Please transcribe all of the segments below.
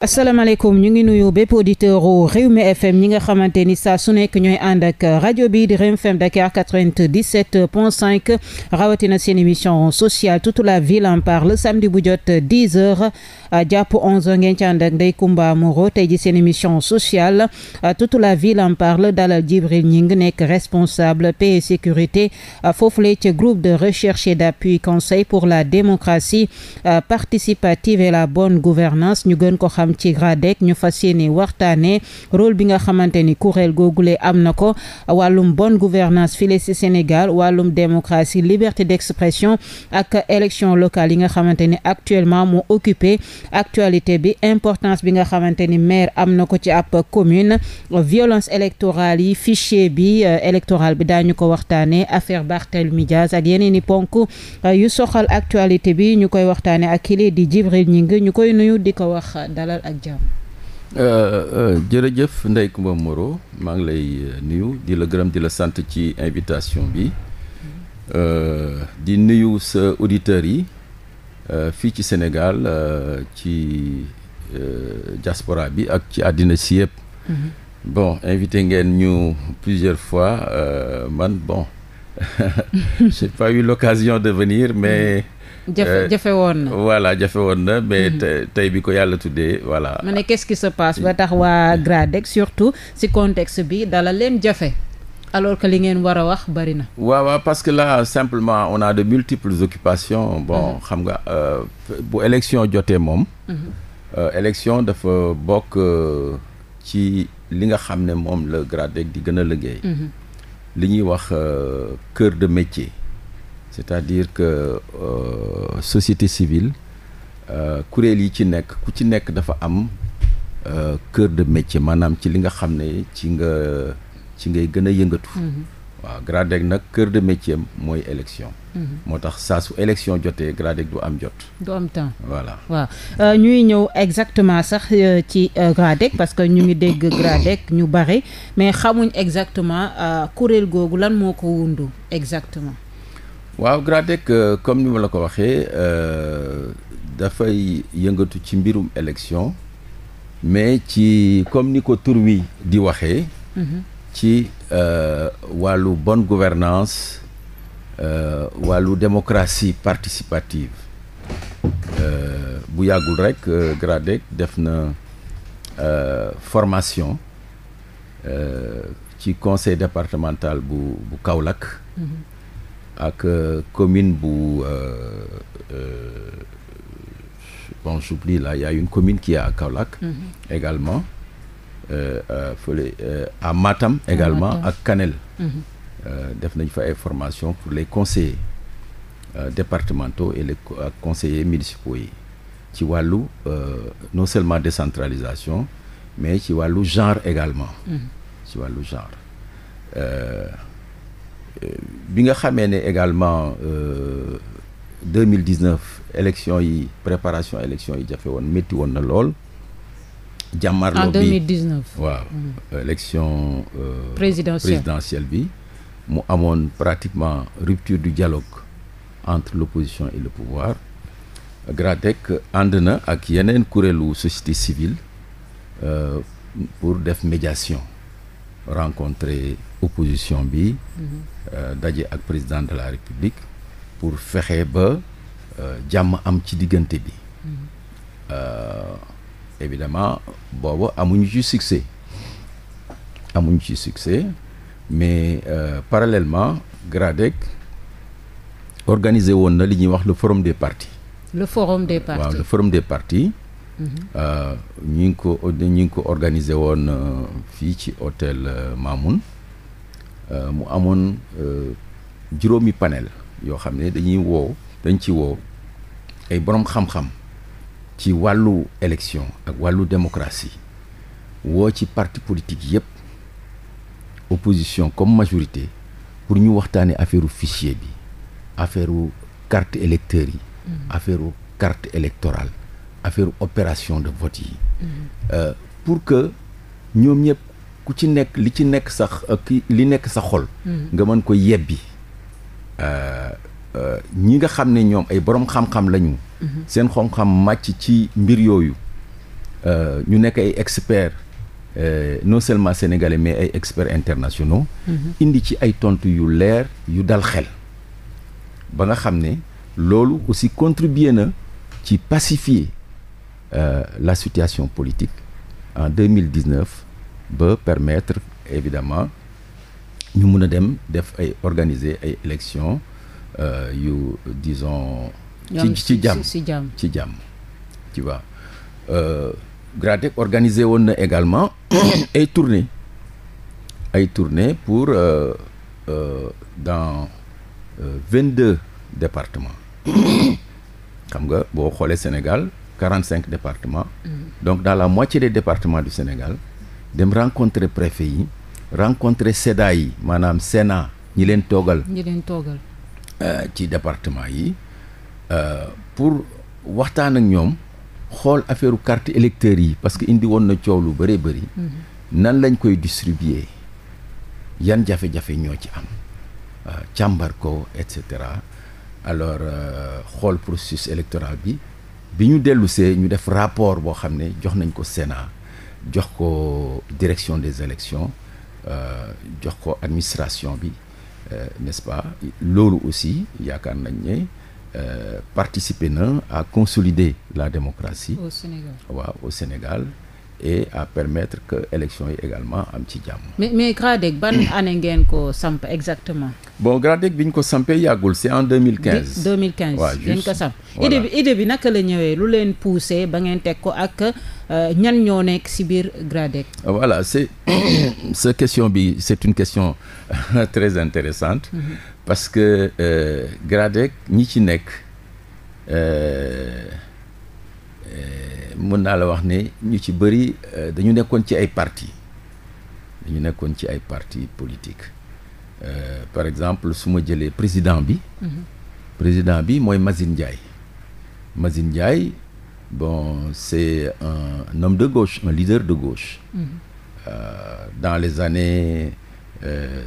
asalaamaaleykum ñu ngi nuyu bépp auditeur u Rewmi FM ñi nga xamante ni saa su nekk ñooy ànd ak rajo bi di Rewmi FM Dakar 97 point 5 rawatina seen émission sociale toute la ville en parle samedi bu jot 10 heures jàpp 11 heures ngeen ci ànd ak tey ji seen émission sociale toute la ville en parle dalal Djibril Gningue nekk responsable paix et sécurité foofule ci groupe de recherche et d'appui conseil pour la démocratie participative la bonne gouvernance ñu gën ko am ci GRADEC ñu fas yéene waxtaanee rôle bi nga xamante ni kuréel googule am na ko wàllum bonne gouvernance file ci Sénégal wàllum démocratie liberté d'expression ak élection locale yi nga xamante ni actuellement moo occupé actualité bi importance bi nga xamante ni maire am na ko ci ab commune violence électorale yi fichier bi euh, électoral bi daañu ko waxtaanee affaire Barthélémy Dias ak yeneen i ponk euh, yu soxal actualité bi ñu koy waxtaanee ak kii di Djibril Gningue ñu koy nuyu dalal ak euh, euh, jërëjëf Ndeye Comba Moreau maa ngi lay euh, nuyu di la gërëm di la sant ci invitation bi di nuyu sa auditeurs yi fii ci Sénégal ci diaspora bi ak ci àddina si yëpp. Mhm. bon invité ngeen ñu plusieurs fois man bon j'ai pas eu l'occasion de venir mais. Mhm. jafe euh, jafe woon na. voilà jafe woon na mais mhm. tey bi ko yàlla tuddee voilà. ma ne qu'est-ce qui sa passe ba tax waa GRADEC surtout si contexte bi dala leen jafe. alors que li ngeen war a wax bari na. waaw waaw parce que là simplement on a de multiples occupations. bon mhm. xam nga euh, bu élection jotee moom. Mhm. Euh, élection dafa bokk ci li nga xam ne moom la GRADEC di gën a liggéey. li ñuy wax cœur de métier. c'est-à-dire que euh, société civile euh, kuréel yi ci nekk ku ci nekk dafa am kër euh, de métier maanaam ci li nga xam ne ci nga ci ngay gën a yëngatu. Mhm. waaw GRADEC nag kër de métier mooy élection. Mhm. moo tax saa su élection jotee GRADEC du am jot. du temps voilà. waaw euh, ñuy ñëw exactement sax ci GRADEC parce que ñu ngi dégg GRADEC ñu bare mais xamuñ exactement kuréel googu lan moo ko wundu exactement. waaw GRADEC euh, comme ni ma la ko waxee euh, dafay yëngatu ci mbirum élection mais ci comme ni ko turwi di waxee mhm. ci euh, wàllu bonne gouvernance wàllu démocratie participative bu yàggul rek GRADEC def na formation ci conseil départemental bu bu Kaolack mhm. ak euh, commune bu euh, euh, bon j'oublie là il une commune qui est à Kaolack. Mm -hmm. également fële à Matam. également ak Kanel. Mhm. def nañ fa ay formation pour les conseillers départementaux et les conseillers municipaux yi ci wàllu non seulement décentralisation mais ci wàllu genre également. Mhm. ci wàllu genre. Euh, bi nga xamee ne également euh, deux mille dix neuf élection yi préparation élection yi jafe woon métti woon na lool. jàmmarloo bi en deux mille dix neuf waaw mm. élection. Euh, présidentielle bi mu amoon pratiquement rupture du dialogue entre l' opposition et le pouvoir. GRATEC ànd na ak yeneen kuréelu société civile euh, pour def médiation. rencontrer opposition bi. Mhm. Euh, daje ak président de la république pour fexe ba euh, jàmm am ci diggante bi. Mhm. Euh, évidemment boobu amuñu ci succès amuñu ci succès mais euh, parallèlement GRADEC organisé woon na li ñuy wax le forum des partis. le forum des partis waaw des partis. Euh, ñu ngi ko ñi ngi ko organisé woon euh, fii ci hôtel euh, Mamoun mu amoon juróomi panel yoo xam ne dañuy woow dañ ci woow ay boroom xam-xam ci wàllu élection ak wàllu démocratie woo ci parti politique yépp opposition comme majorité pour ñu waxtaanee affaire fichier bi affaire carte électeur yi mm-hmm. affaire carte électorale affaire opération de vote yi. Mm-hmm. Euh, pour que ñoom ñëpp ku ci nekk li ci nekk sax euh, ki li nekk sa xol. Mm-hmm. nga mën ko yebbi. Euh, ñi nga xam ne ñoom ay boroom xam-xam lañu. Mm-hmm. seen xam-xam màcc ci mbir yooyu. ñu nekk ay experts non seulement sénégalais mais ay experts internationaux. indi ci ay tontu yu leer yu dal xel. ba nga xam ne loolu aussi contribuer na ci pacifier. euh, la situation politique en 2019 ba permettre évidemment ñu mun a dem def ay organiser ay élections euh, yu disons. ci ci jàmm ci jàmm ci jàmm tu vois euh, GRADEC woon na également ay tournées ay tournée pour euh, euh, dans euh, vingt deux départements xam nga boo xoolee Sénégal. quarante cinq départements. donc dans la moitié des départements du Sénégal dem rencontrer préfet yi rencontrer SEDA yi maanaam Sénat ñi leen toogal. ñi leen euh, ci département yi euh, pour waxtaan ak ñoom xool affaire carte électeur yi parce que indi woon na coow lu bëree bëri. Mhm. nan lañ koy distribuer yan jafe-jafe ñoo ci am euh, càmbar ko et cetera alors xool processus électoral bi. bi ñu dellu see ñu def rapport boo xam ne jox nañ ko Sénat jox ko direction des élections euh, jox ko administration bi euh, n'est-ce pas loolu aussi yaakaar nañ ne euh, participer na à consolider la démocratie. au waaw au Sénégal. et à permettre que élection yi également am ci jàmm. mais mais GRADEC ban année ngeen ko samp exactement. bon GRADEC bi ñu ko sampee yàggul c'est en mille quinze. deux mille bi idée bi naka la ñëwee lu leen poussé ba ngeen teg ko ak euh, ñan ñoo nekk ci biir GRADEC. voilà c'est ce question bi c'est une question très intéressante mm-hmm. parce que euh, GRADEC ñi ci nekk. Euh, Euh, mën la wax ne ñu ci bëri euh, dañu nekkoon ci ay parti dañu nekkoon ci ay parti politique euh, par exemple su ma jëlee président bi mhm. président bi mooy Mazine Ndiaye Mazine Ndiaye bon c'est un homme de gauche un leader de gauche mhm. dans les années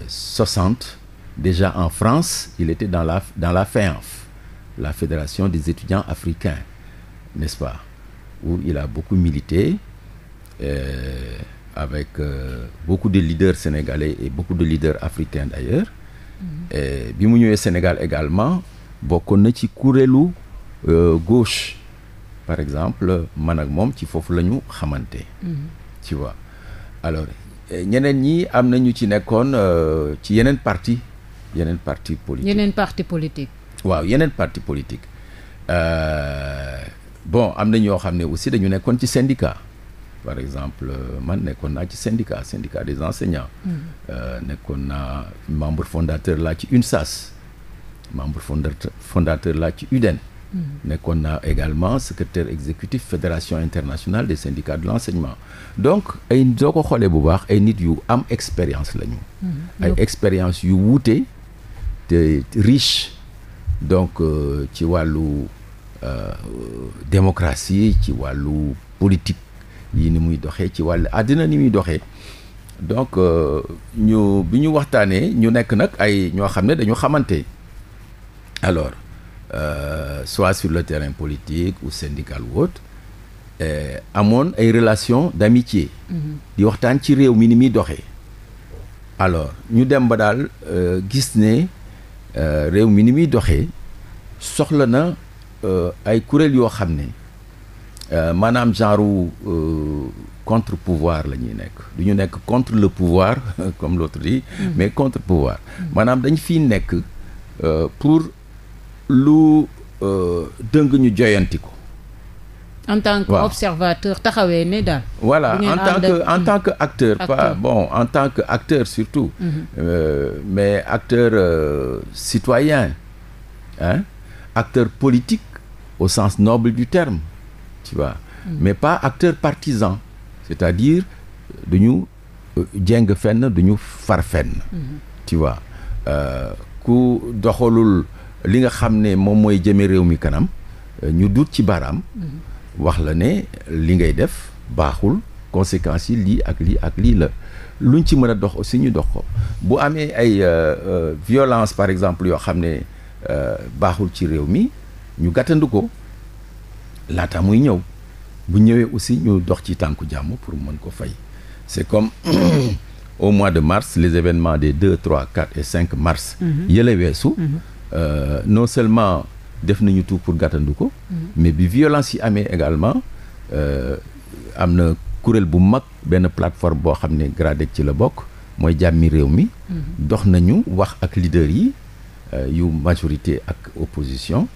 soixante déjà en France il était dans la dans la FEANF e la Fédération des étudiants africains n'est-ce pas où il a beaucoup milité euh, avec euh, beaucoup de leaders sénégalais et beaucoup de leaders africains d'ailleurs mhm. bi mu ñëwee Sénégal également bokkoon na ci kuréelu euh, gauche par exemple man ak moom ci foofu la ñu xamante mhm. tu vois alors eh, ñeneen ñi am nañu ci nekkoon ci yeneen parti yeneen parti politique yeneen parti politique waaw yeneen parti politique bon am na ñoo xam ne aussi dañu nekkoon ci syndicat par exemple euh, man nekkoon naa ci syndicat syndicat des enseignants. Mm. Euh, nekkoon naa membre fondateur laa ci UNSAS. membre fondateur fondateur laa ci UDEN. Mm. nekkoon naa également secrétaire exécutif fédération internationale des syndicats de l'enseignement donc ay soo xoolee bu baax ay nit yu am expérience lañu. Mm. ay expérience yu wuute te riche donc euh, ci wàllu. Euh, démocratie ci wàllu politique yi ni muy doxee ci wàllu àddina ni muy doxee donc euh, ñu bi ñu waxtaanee ñu nekk nag ay ñoo xam ne dañu xamante alors euh, soit sur le terrain politique ou syndical ou autre eh, amoon ay relations d'amitié mhm. di waxtaan ci réew mi ni muy doxee alors ñu dem ba daal euh, gis ne réew mi ni muy doxee soxla na Euh, ay kuréel yoo xam ne euh, maanaam genre euh, contre pouvoir la ñuy nekk du ñu nekk contre le pouvoir comme l'autre dit mm. mais contre pouvoir mm. maanaam dañ fiy nekk pour lu dëng ñu joyanti ko en tant que observateur taxawee ne daal voilà en tant que en tant que acteur bon en tant que acteur surtout mm-hmm. mais acteur citoyen hein acteur politique au sens noble du terme tu vois mm. mais pas acteur partisan c'est-à-dire duñu euh, jéng fenn duñu far fenn mm-hmm. tu vois euh, ku doxalul li nga xam ne moom mooy jëme réew mi kanam euh, ñu duut ci baaraam mm-hmm. wax la ne li ngay def baaxul conséquences yi lii ak lii ak lii la luñ ci mën a dox aussi ñu dox ko bu amee ay violence par exemple yoo xam ne baaxul ci réew mi ñu gàttandu ko laata muy ñëw bu ñëwee aussi ñu dox ci tànku jàmm pour mën ko fay c'est comme au mois de mars les événements des deux 3 4 et 5 mars mhm. yële weesu mhm. euh, non seulement def nañu tout pour gàttandu mhm. mais bi violence yi amee également euh, am na kuréel bu mag benn plateforme boo xam ne GRADEC ci la bokk mooy jàmmi réew mi dox nañu wax ak leader yi euh, yu majorité ak opposition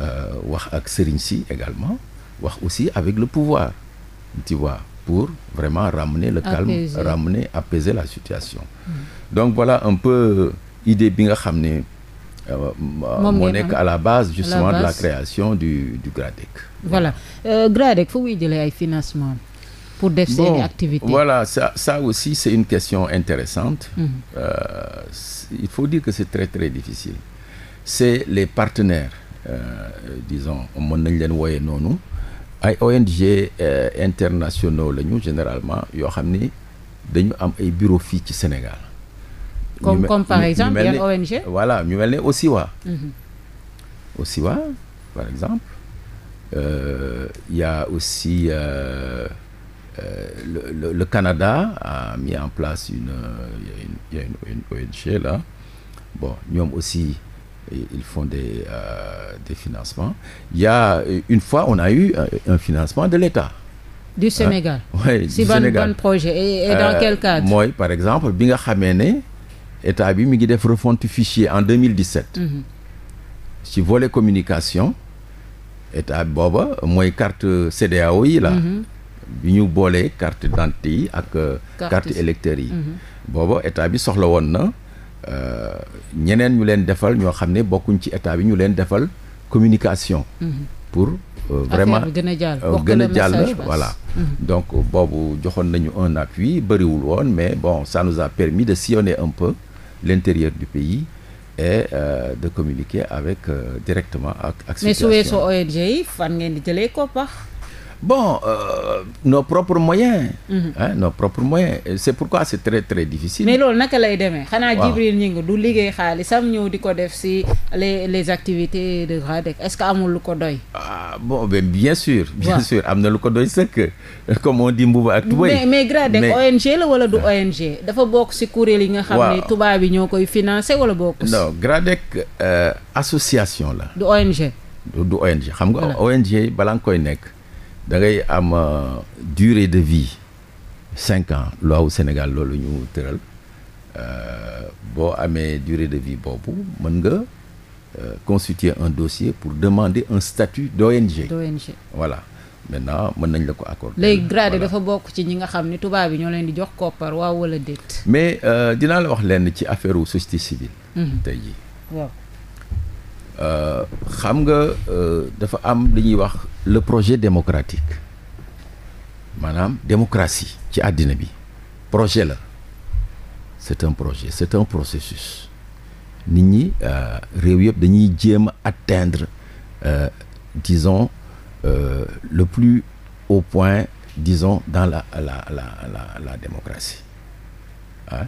Euh, wax ak sëriñ si également wax aussi avec le pouvoir tu pour vraiment ramener le calme apaiser. la situation mm. donc voilà un peu euh, bi nga xam ne euh, moo nekk à la base justement la la création du du voilà, jëlee ay financement pour def bon, seen activité voilà une question intéressante mm. euh, il faut dire très très difficile c'est les partenaires Euh, disons mën nañ leen wooyee noonu ay ONG euh, internationaux lañu généralement yoo xam ni dañu am ay bureau fii ci Sénégal. comme comme par exemple yan ONG. voilà ñu mel ne OSIWA. Mhm. OSIWA par exemple. Euh, aussi euh, euh, le, le, le Canada a mis en place une euh, y une ONG là bon ñoom aussi. ils font des, euh, des financements. ya une fois, on a eu euh, un financement de l'État. Du Sénégal. Hein? Oui, du Sénégal. projet. Et, et dans euh, quel cadre Moi, par exemple, bi nga xamee ne état bi mi ngi def refonte fichier en 2017. Mm -hmm. ci volet communication état booba mooy carte CEDEAO yi la. Mm bi ñu boolee carte d'identité yi ak. Euh, carte électeur yi. Mm -hmm. booba bi soxla woon na. Euh, ñeneen ñu leen defal ñoo xam ne bokkuñ ci état bi ñu leen defal communication. Mhm. pour euh, vraiment gën a jàll euh, gën a jàll voilà. Mhm. donc boobu joxoon nañu un appui bëriwul woon mais bon ça nous a permis de sillonner un peu l'intérieur du pays. et de communiquer avec directement ak. ak mais su weesoo ONG yi fan ngeen di jëlee ko bon euh, nos propres moyens. Mhm. Hein, nos propres moyens c'est pourquoi c'est très très difficile. mais loolu naka lay demee. xanaa Djibril Gningue du liggéey xaalisam ñëw di ko def si les les activités de GRADEC est-ce que amul lu ko doy. ah bon ben bien sûr. bien ouais. sûr am na lu ko doy sëkk comme on dit mbuba ak tubéy. mais mais GRADEC mais... ONG la wala du ah. ONG. dafa bokk si kuréel yi nga. xam ne tubaab yi ñoo koy financé wala bokk si. non GRADEC euh, association la. du ONG. du, du ONG xam nga. Voilà. ONG balaa nga koy nekk. da ngay am euh, durée de vie cinq ans loi wu Sénégal loolu ñu tëral euh, boo amee dure de vie boobu mën nga euh, constituer un dossier pour demander un statut d'ONG. d'ONG voilà maintenant mën nañ la ko accorder. léegi grade dafa bokk ci ñi nga xam ni tubaab yi ñoo leen di jox koppar waaw wala déet. mais dinaa la wax lenn ci affaire société civile. Mhm. tey jii Euh, xam nga euh, dafa am dañuy wax le projet démocratique maanaam démocratie ci àddina bi projet la c'est un projet c'est un processus nit ñi euh, réew yëpp dañuy jéem a atteindre euh, disons euh, le plus haut point dison dans la la la la la démocratie ah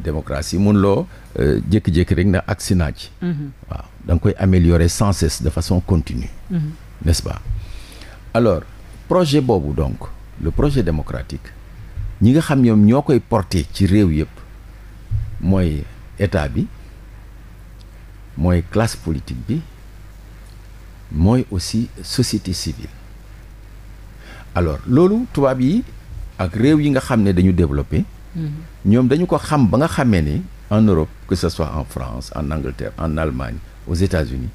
démocratie mun loo euh, jékki-jékki rek na ak naa ci mhm. waaw da nga koy améliorer sans cesse de façon continue mm -hmm. n'est-ce alors projet boobu donc le projet démocratique ñi nga xam ñoom ñoo koy porter ci réew yëpp mooy état bi mooy classe politique bi mooy aussi société civile alors loolu tubaab yi ak réew yi nga xam ne dañu développé Mm-hmm. ñoom dañu ko xam ba nga xamee ni en Europe que ce soit en France en Angleterre en Allemagne aux États-Unis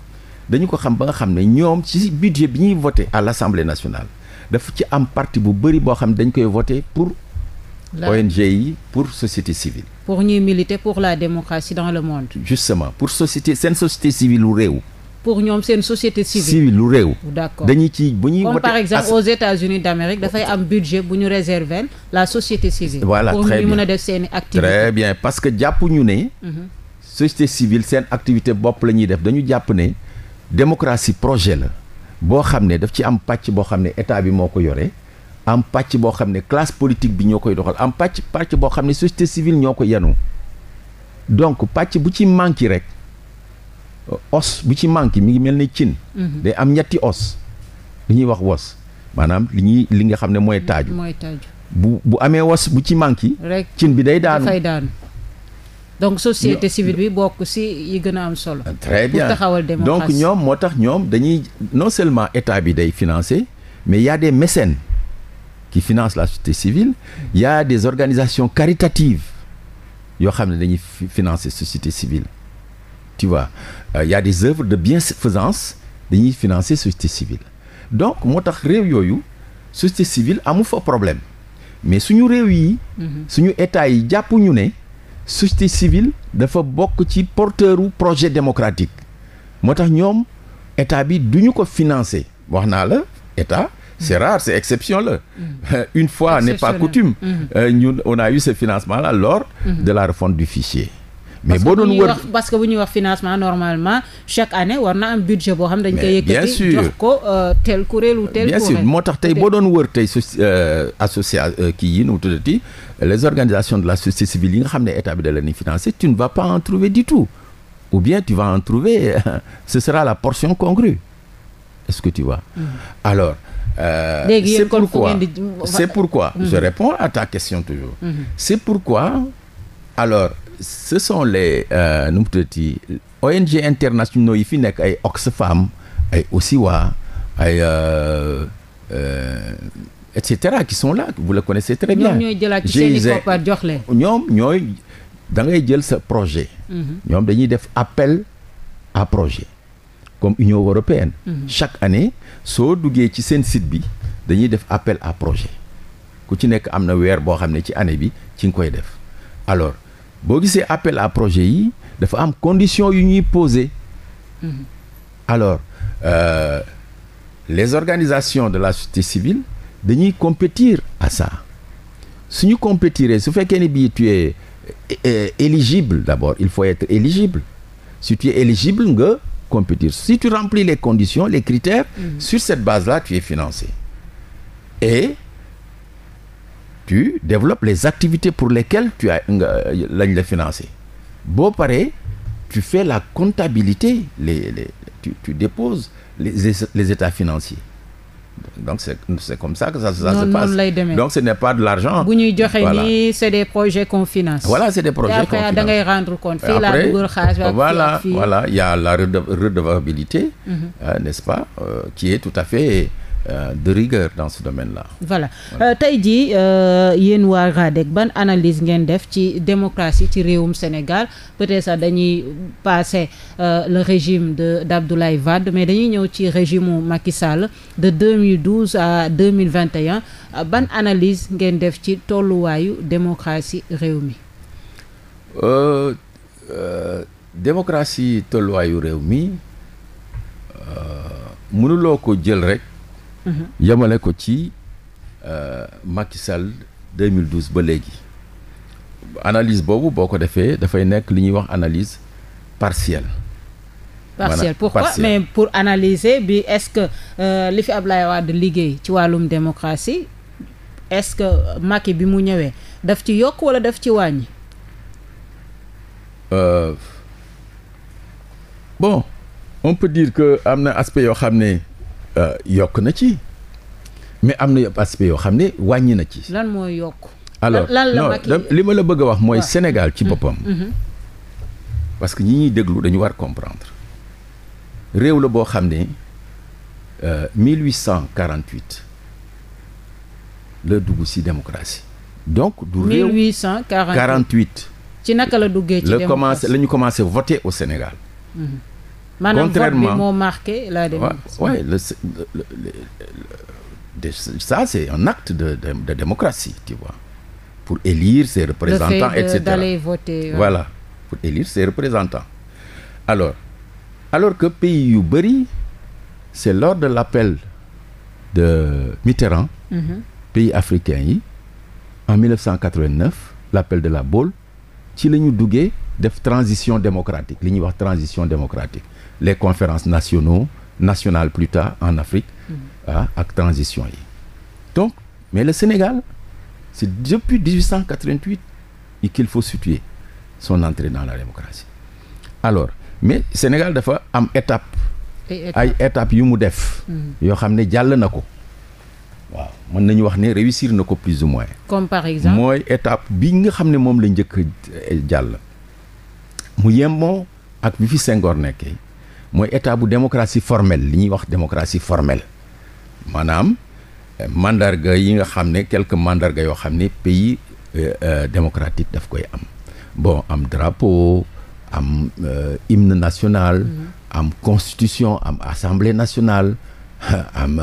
dañu ko xam ba nga xam ne ñoom ci budget bi ñuy voté à l'Assemblée nationale dafa ci am parti bu bëri boo xam dañu koy voté pour la... ONG yi pour société civile pour ñuy militer pour la démocratie dans le monde justement pour société seen société civile u réew pour ñoom seen société civile. civile lu réew. d'accord dañuy ci bu ñuy. comme par exemple aux États-Unis d'Amérique dafay am budget bu ñu réserver la société civile. voilà très bien pour ñu mën a def seeni i activité. parce que jàpp ñu ne. Mhm. société civile seen activité bopp la ñuy def dañu jàpp ne démocratie projet la boo xam ne daf ci am pàcc boo xam ne état bi moo ko yore. am pàcc boo xam ne classe politique bi ñoo koy doxal am pàcc pàcc boo xam ne société civile ñoo ko yenu donc pàcc bu ci manqué rek. Euh, os bu ci manqué mi ngi mel ni cin. Mhm. day am ñetti os. li ñuy wax wos maanaam li ñuy li nga xam ne mooy taaju. mooy taaju bu bu amee wos bu ci manqué. rek cin bi day daanu dafay daanu. donc société civile bi bokk si yi gën a am solo. Ah, très bien pour taxawal donc ñoom moo tax ñoom dañuy non seulement état bi day financé mais y des mécènes qui financent la société civile y a des organisations caritatives yoo xam ne dañuy financer société civile tu vois. il euh, y a des œuvres de bienfaisance dañuy financer société civile donc moo tax réew yooyu société civile amu fa problème mais suñu réew yi mhm. suñu état yi jàpp ñu ne société de fa bokk ci porteuru projet démocratique moo tax ñoom état bi duñu ko financer wax naa la état c'est mhm. rare c'est exception là mhm. une fois n'est pas coutume euh, ñun on a eu ce financement là lors de la refonte du fichier mais boo doon wër parce que bu ñuy wax financement normalement chaque année war na am budget boo xam dañ koy yëkkati ko euh, tel kuréel ou tel bien sûr moo tax tey boo doon wër tey su euh, associa euh, kii yi nu mu tuddati les organisations de la société civile yi nga xam ne état bi da leen di financer tu ne vas pas en trouver du tout ou bien tu vas en trouver ce sera la portion congrue est-ce que tu vois mm. alors Euh, c'est pourquoi c'est pourquoi mmh. je mm. réponds à ta question toujours mm-hmm. c'est pourquoi alors ce sont les euh, nu mu tuddati ONG internationaux yi fi nekk ay Oxfam ay Osiwa ay euh, euh, et cetera qui sont là vous le connaissez très bien. ñoom ñooy jëlaat ci seen i koppar jox leen ñoom ñooy da ngay jël sa projet. Mhm. ñoom dañuy def appel à projet. comme Union européenne. Mhm. chaque année soo duggee ci seen site bi dañuy def appel à projet ku ci nekk am na weer boo xam ne ci année bi ci nga koy def alors. boo gisee appel à projet yi dafa am condition yu ñuy poser mm-hmm. alors euh, les organisations de la société civile dañuy compétir à ça suñu compétiree su fekkee ni bii tu es euh, euh, éligible d'abord il faut être éligible si tu es éligible nga compétir si tu remplis les conditions les critères mm -hmm. sur cette base là tu es financé et tu développes les activités pour lesquelles tu as lañ la financé boo paree tu fais la comptabilité les les tu, tu déposes les les états financiers donc c' est c' est comme ça que ça, ça non, se passe lay demee donc ce n' est pas de l' argent. bu ñuy joxe nii c' est des projets qu'on finance. voilà c' est des projets qu'on finance da ngay rendre compte. fii laa dugal xaalis voilà voilà y' a la redevabilité. Mm -hmm. euh, n' est ce pas euh, qui est tout à fait. euh, de rigueur dans ce domaine-là. voilà euh, tey jii euh, yéen waa RADEC ban analyse ngeen def ci démocratie ci réewum Sénégal peut-être sax dañuy passer euh, le régime de d'Abdoulaye Wade mais dañuy ñëw ci régime mu Macky Sall de 2012 à 2021 ban analyse ngeen def ci tolluwaayu démocratie réew mi. Euh, démocratie tolluwaayu réew mi mënuloo ko jël rek Mhm. yemale ko ci euh, Macky Sall 2012 ba léegi analyse boobu boo ko defee dafay nekk li ñuy wax analyse partielle. partielle pourquoi partielle. mais pour analyser bi est-ce que euh, li fi Ablaye Wade liggéey ci wàllum démocratie est-ce que Macky bi mu ñëwee daf ci yokk walla daf ci wàññi. Euh, bon on peut dire que am na aspect yoo xam ne. Euh, yokk na ci mais am na yëpp aspect yoo xam ne wàññi na ci. lan mooy yokk. alors non li ma la bëgg a wax mooy Sénégal ci mm-hmm. boppam. Mm-hmm. parce que ñi ñuy déglu dañu war comprendre réew la boo xam ne 1848 euh, la dugg ci démocratie. donc du réew 1848. ci naka la duggee ci démocratie la commencé la ñu commencé voter au Sénégal. Mm-hmm. maanaam vote bi moo la démocratie ouais, le, le, le, ça c'est un acte de, de, de démocratie pour élire ses représentants et cetera d'aller voter ouais. voilà pour élire ses représentants alors alors que pays yu bëri c'est lors de l'appel de Mitterrand mm -hmm. pays africains yi en 1989 l'appel de la Baule ci la ñu duggee def transition démocratique li ñuy wax transition démocratique les conférences nationaux nationales plus tard en Afrique mm. ah ak transition yi donc mais le Sénégal c'est depuis 1888 qu'il faut situer son entrée dans la démocratie alors mais Sénégal dafa am étape ay étape yu mu def mm. yoo xam ne jàll na ko waaw mën nañu wax ne réussir na ko plus ou moins comme par exemple mooy étape bi nga xam ne moom la njëkk jàll mu yemoo ak bi fi Senghor nekkee mooy état bu démocratie formelle li ñuy wax démocratie formelle maanaam mandarga yi nga xam ne quelques mandarga yoo xam ne pays euh, euh, démocratique daf koy am bon am drapeau am euh, hymne national mm-hmm. am constitution am assemblée nationale am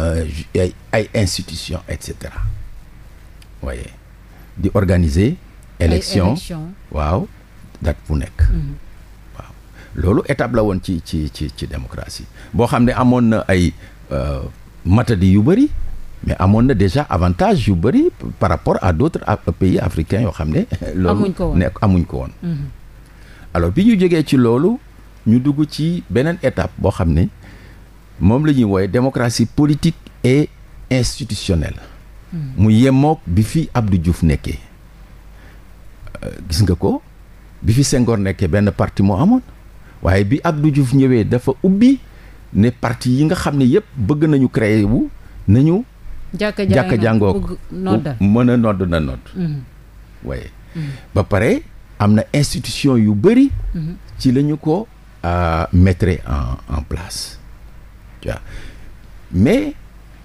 ay institution et cetera waaye di organiser élection waaw date bu nekk mm-hmm. loolu étape la woon ci ci ci ci démocratie boo xam ne amoon na ay euh, matadi yu bëri mais amoon na déjà avantage yu bëri par rapport à d'autres pays africains yoo xam ne loolu nekk amuñ ko woon mhm. alors bi ñu jógee ci loolu ñu dugg ci beneen étape boo xam ne moom la ñuy wooye démocratie politique et institutionnelle mhm. mu yemook bi fi abdu Diouf nekkee euh, gis nga ko bi fi Senghor nekkee benn parti mu amoon waaye bi du Diouf ñëwee dafa ubbi ne parti yi nga xam ne yëpp bëgg nañu créer wu nañu. jàkka jàngook mën a nodd na nodd mm-hmm. Mm-hmm. ba pare am na institution yu bëri. Mm-hmm. ci lañu ko euh, mettre en en place tu mais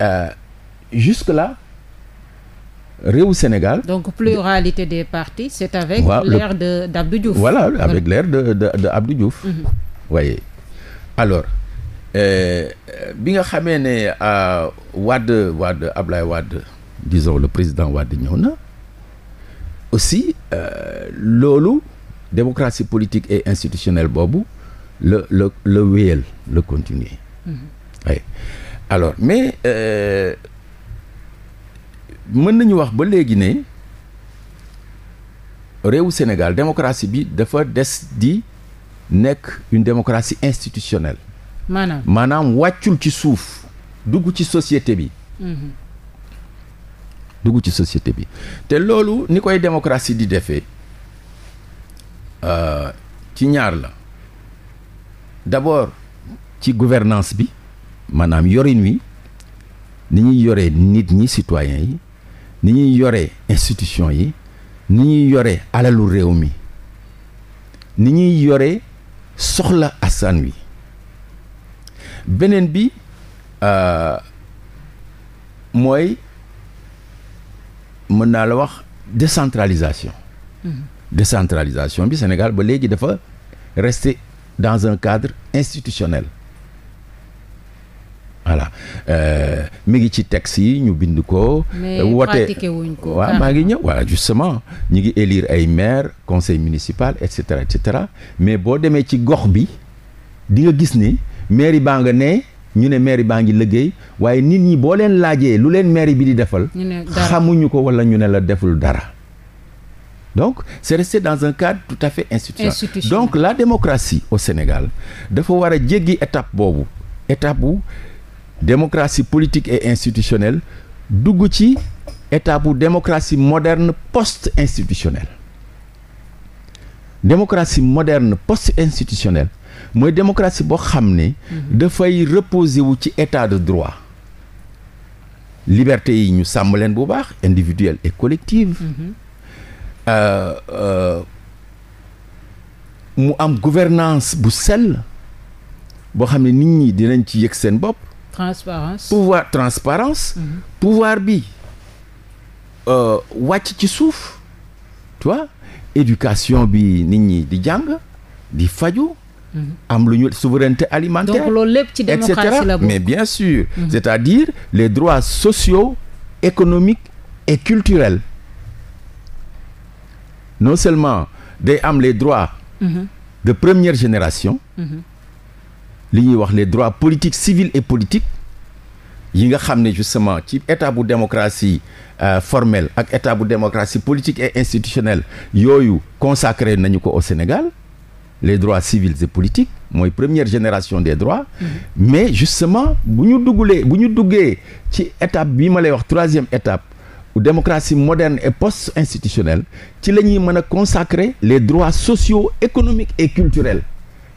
euh, jusque là réewu Sénégal. donc pluralité des partis c'est avec. waaw ouais, l'ère de d'Abdou Diouf. voilà avec l'ère de de de mhm. euh, bi nga xamee ne euh, Wade Wade Ablaye Wade disons le président Wade ñëw na aussi euh, loolu démocratie politique et institutionnelle boobu le le le le continuer. Mm mais. Euh, mën nañu wax ba léegi ne réewu Sénégal démocratie bi dafa des di nekk une démocratie institutionnelle. maanaam maanaam wàccul ci suuf dugg ci société bi. Mhm. dugg ci société bi te loolu ni koy démocratie di defee euh, ci ñaar la d'abord ci gouvernance bi maanaam yorin wi ni ñuy yore nit ñi citoyens yi. ni ñuy yoree institution yi ni ñuy yoree alalu réew mi ni ñuy yoree soxla askan wi beneen bi euh, mooy mën naa la wax décentralisation mmh. décentralisation bi Sénégal ba léegi dafa rester dans un cadre institutionnel voilà euh, mi ngi ci tex yi ñu bind ko. Euh, woote ko waaw maa ngi ñëw voilà justement ñu ngi élire ay maire conseil municipal et cetera et cetera mais boo demee ci gox bi di nga gis ni maire baa nga ne ñu ne maire baa ngi liggéey waaye nit ñi boo leen laajee lu leen maire bi di defal. xamuñu ko wala ñu ne la deful dara. donc c'est resté dans un cadre tout à fait institutionnel, institutionnel. donc la démocratie au Sénégal dafa war a jéggi étape boobu étape bu. démocratie politique et institutionnelle dugg ci état bu démocratie moderne post institutionnelle démocratie moderne post institutionnelle mooy démocratie boo xam ne mhm. dafay reposer wu ci état de droit liberté yi ñu sàmm leen bu baax individuelle et collective mm-hmm. euh, mu am gouvernance bu sell boo xam ne nit ñi dinañ ci yëg seen bopp transparence pouvoir transparence mm -hmm. pouvoir bi euh, wàcc ci suuf tu vois éducation bi nit ñi di jàng di faju mhm. am lu ñu souveraineté alimentaire donc loolu lépp ci démocratie mais bien sûr mm c'est-à-dire les droits sociaux économiques et culturels non seulement day am les droits mm -hmm. de première génération mhm. li ñuy wax les droits politiques civils et politiques yi nga xam ne justement ci état bu démocratie euh, formel ak état bu démocratie politique et institutionnelle yooyu consacré nañu ko au Sénégal les droits civils et politiques mooy première génération des droits mmh. mais justement bu ñu dugulee bu ñu duggee ci étape bii ma lay wax troisième étape démocratie moderne et post institutionnelle ci la ñuy mën a consacrer les droits sociaux économiques et culturels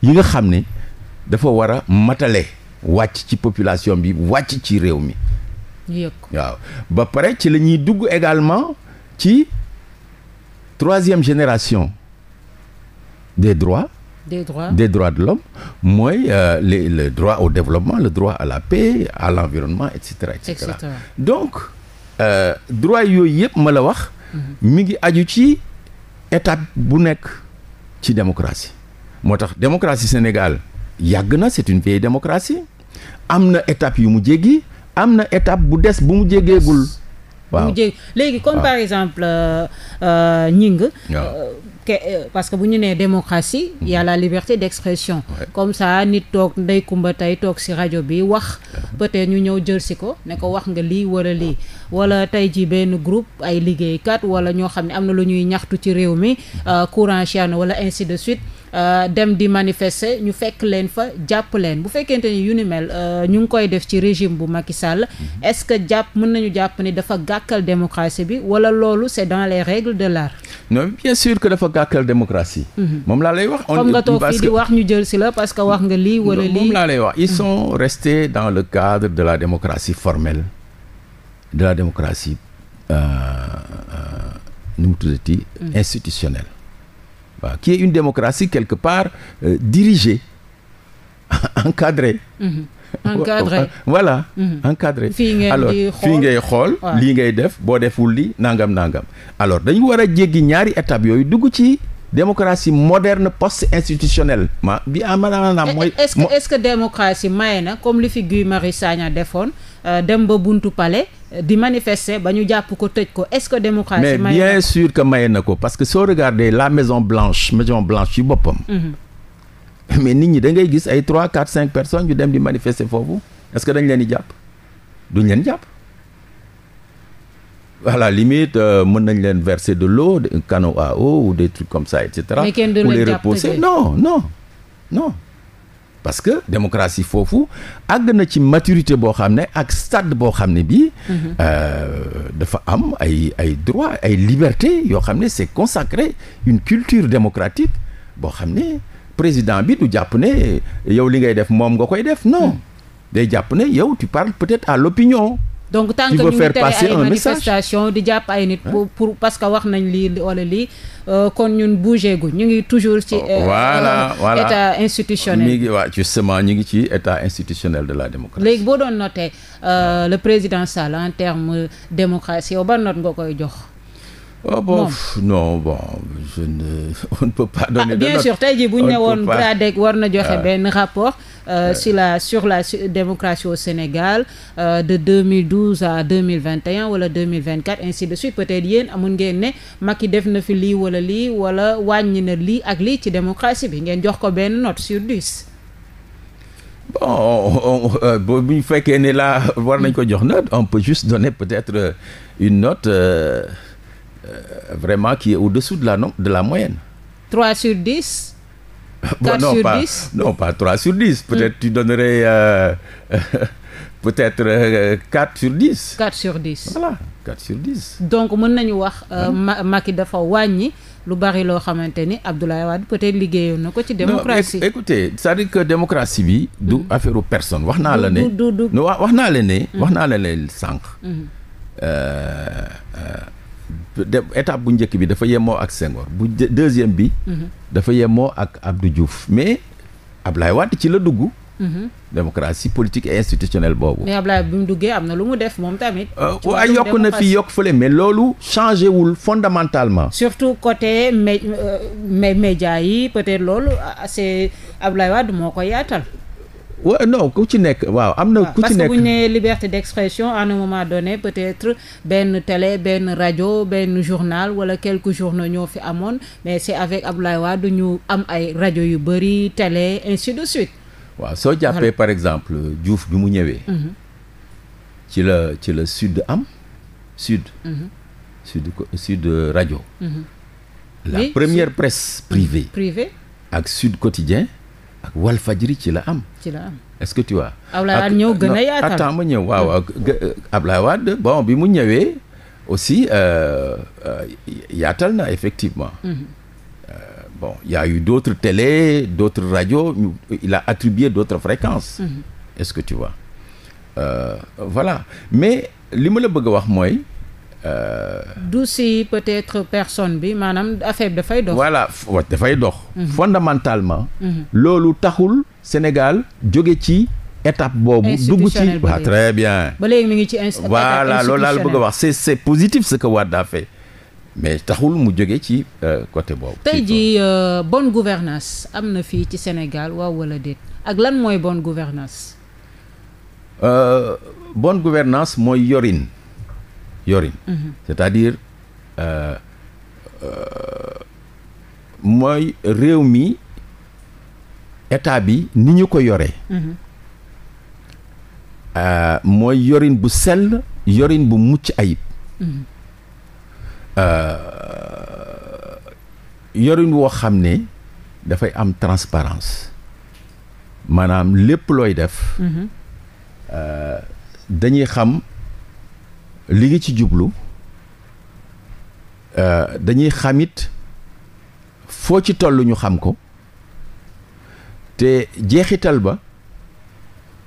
yi nga xam ni dafa war a matale wàcc ci population bi wàcc ci réew mi. yëg waaw ba pare ci la ñuy dugg également ci troisième génération des droits. des droits des droits de l'homme mooy euh, le le droit au développement le droit à la paix à l'environnement et cetera et donc euh, droit yooyu yëpp ma la wax. Mhm. mi ngi aju ci étape bu nekk ci démocratie. moo tax démocratie Sénégal. yàgg na c'est une vieille démocratie am na étape yu mu jéggi am na étape bu des bu mu jéggeegul waaw léegi comme par exemple ñing euh, euh, euh, parce que bu ñu nee démocratie y a mm-hmm. la liberté d'expression comme ça nit toog ndey kumba tey toog ci rajo bi wax peut-être ñu ñëw jël si ko ne ko wax nga lii wala lii wala tey ji benn groupe ay liggéeykat wala ñoo xam ne am na lu ñuy ñaxtu ci réew mi mm-hmm. courant na wala ainsi de suite Euh, dem di manifester ñu fekk leen fa jàpp leen bu fekkente ni yu ni mel euh, ñu ngi koy def ci régime bu i Sall mhm. est-ce que jàpp mën nañu jàpp ni dafa gàkkal démocratie bi wala loolu c'est dans les règles de l'art non bien sûr que dafa gàkkal démocratie. Mhm. moom laa lay wax. on nga toog fii di wax ñu jël si la parce que wax nga lii wala lii. moom laa lay wax ils mhm. sont restés dans le cadre de la démocratie formelle de la démocratie euh, nu mu voilà, qui est une démocratie quelque part euh, dirigée, encadrée. Mm mm-hmm. -hmm. encadré voilà mm-hmm. encadré alors fii ngay xool lii ngay def boo deful li nangam nangam alors dañu war a jéggi ñaari étape yooyu dugg ci démocratie moderne post institutionnelle ma bi a maanaam mooy est-ce que démocratie may na comme li fi Guy Marius Sagna defoon Euh, dem ba buntu pale euh, di manifester ba ñu jàpp ko tëj ko est-ce que démocratie. mais bien sûr que maye na ko parce que soo regardé la maison blanche maison blanche ci boppam. Mhm. mais nit ñi da ngay gis ay trois quatre cinq personnes ñu dem di manifester foofu est que dañ leen di jàpp du leen jàpp. à limite euh, mën nañ leen verser de loo un canon à eau ou des comme ça et cetera. pour les repousser non non. parce que démocratie foofu àgg na ci maturité boo xam ne ak stade boo xam ne bii. Mhm. Euh, dafa am ay ay droit ay liberté yoo xam ne c'est consacré une culture démocratique boo xam ne président bi du jàpp ne yow li ngay def moom nga koy def non. Mhm. day jàpp ne yow tu parles peut-être à l'opinion donc tant que ñu ngi tere ay manifestation di jàpp ay nit pour pour parce que wax nañ lii wala lii euh, kon ñun bougé gu ñu ngi toujours ci oh, euh, voilà euh, voilà état institutionnel mi ngi waa justement ñu ngi ci état institutionnel de la démocratie léegi boo doon noté le président Sall en terme démocratie yow ban note ngoo koy jox Oh bon, non bon je ne on ne peut pas donner ah, bien de tey jii bu ñu ne woon Pradec war na joxe ah. benn rapport euh, ah. si la sur la démocratie au Sénégal euh, de 2012 à 2021 wala 2024 ainsi de suite peut-être yéen amun ngeen ne Macky def na fi lii wala lii wala wàññi na lii ak lii ci démocratie bi ngeen jox ko benn note sur 10 bon euh, bu ñu fekkee ne la war nañ ko jox note on peut juste donner peut-être euh, une note euh, Euh, vraiment qui au-dessous de la, norme, de la moyenne. 3 sur 10 bon, 4 non, sur pas, Non, pas 3 sur 10. Hmm. Peut-être mm. tu donnerais euh, peut-être euh, 4 sur 10. 4 sur 10. Voilà, 4 Donc, mën nañu wax euh, hmm. Macky dafa wàññi lu bari loo xamante ni Abdoulaye Wade peut-être liggéeyoon na ko ci démocratie. non écoutez c'est-à-dire que démocratie bi. du hmm. affaire personne wax naa la ne. du wax naa la ne. wax naa la sànq. état bu njëkk bi dafa yemoo ak Senghor bu deuxième bi. Mhm. dafa yemoo ak Abdou Diouf mais Ablaye Wade ci la dugg. Mhm. démocratie politique et institutionnelle boobu. mais Ablaye bi mu duggee am na lu mu def moom tamit. Euh, waaw yokk na fi yokk fële mais loolu changé wul fondamentalement. surtout côté mé euh, média yi peut-être loolu ah, c'est Ablaye Wade moo ko yaatal. wa non ku ci nekk waaw am na. ku ci nekk parce que bu ñu nee liberté d'expression à un moment donné peut-être benn télé benn rajo benn journal wala quelques journaux ñoo fi amoon mais c'est avec Abdoulaye Wade ñu am ay rajo yu bëri télé ainsi de suite. waaw soo jàppee par exemple Diouf bi mu ñëwee. Mhm. ci la ci la sud am sud. Mhm. sud sud rajo. Mhm. la première presse privée. privée ak sud quotidien ak Walfadjri ci la am. ci la am est-ce ñëw gën yaatal attends ma ñëw waaw waaw euh, bon bi mu ñëwee aussi euh, euh, yaatal na effectivement. Mhm. bon y a eu dootur télé d'autres radios il a attribué d'autres fréquences. Mhm. est-ce tu vois. voilà mais li ma la bëgg a wax mooy. Euh, du si peut-être personne bi maanaam affaire bi dafay dox. voilà dafay dox. Mhm. fondamentalement mhm. loolu taxul Sénégal jóge ci. étape boobu dugg ci waaw ah, très bien ba léegi mi ngi ci voilà loolu laa la bëgg a wax c'est c'est positif mais taxul mu jóge ci euh, côté boobu tey jii euh, bonne gouvernance am na fii ci Sénégal waaw wala déet ak lan mooy bonne gouvernance euh, bonne gouvernance mooy yorin yorin. Mhm. cest à euh, euh, mooy réew mi état bi ni ñu ko yoree. Mhm. Euh, mooy yorin bu sell yorin bu mucc ayib. Mhm. yorin woo xam ne dafay am transparence maanaam lépp looy def. dañuy xam. li ngi ci jublu euh, dañuy xamit foo ci tollu ñu xam ko te jeexital ba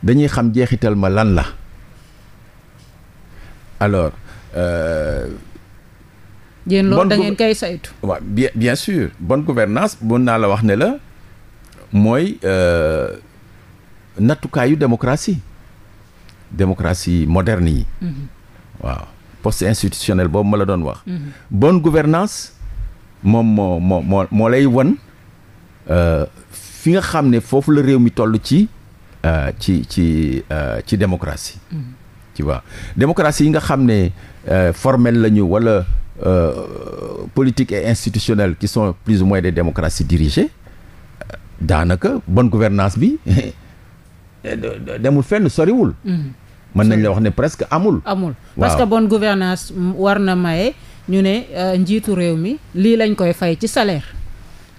dañuy xam jeexital ma lan la alors. Euh, yéen loolu da ngeen koy saytu. gouvernance mën naa la wax ne la mooy euh, nattukaayu démocratie démocratie moderne yi. Mm -hmm. waaw poste institutionnel boobu ma la doon wax. Mhm. bonne gouvernance moom moo moo moo lay wan euh, fi nga xam ne foofu la réew mi toll ci euh, ci ci euh, ci démocratie. Mhm. tu vois yi nga xam ne formelle la ñu wala e et institutionnelle qui sont plus ou moins des démocraties dirigées daanaka bon gouvernance bi demul fenn soriwul. Mhm. mën nañ la wax ne presque amul. amul parce que bon gouvernance war na maye ñu ne euh, njiitu réew mi lii lañ koy fay ci salaire.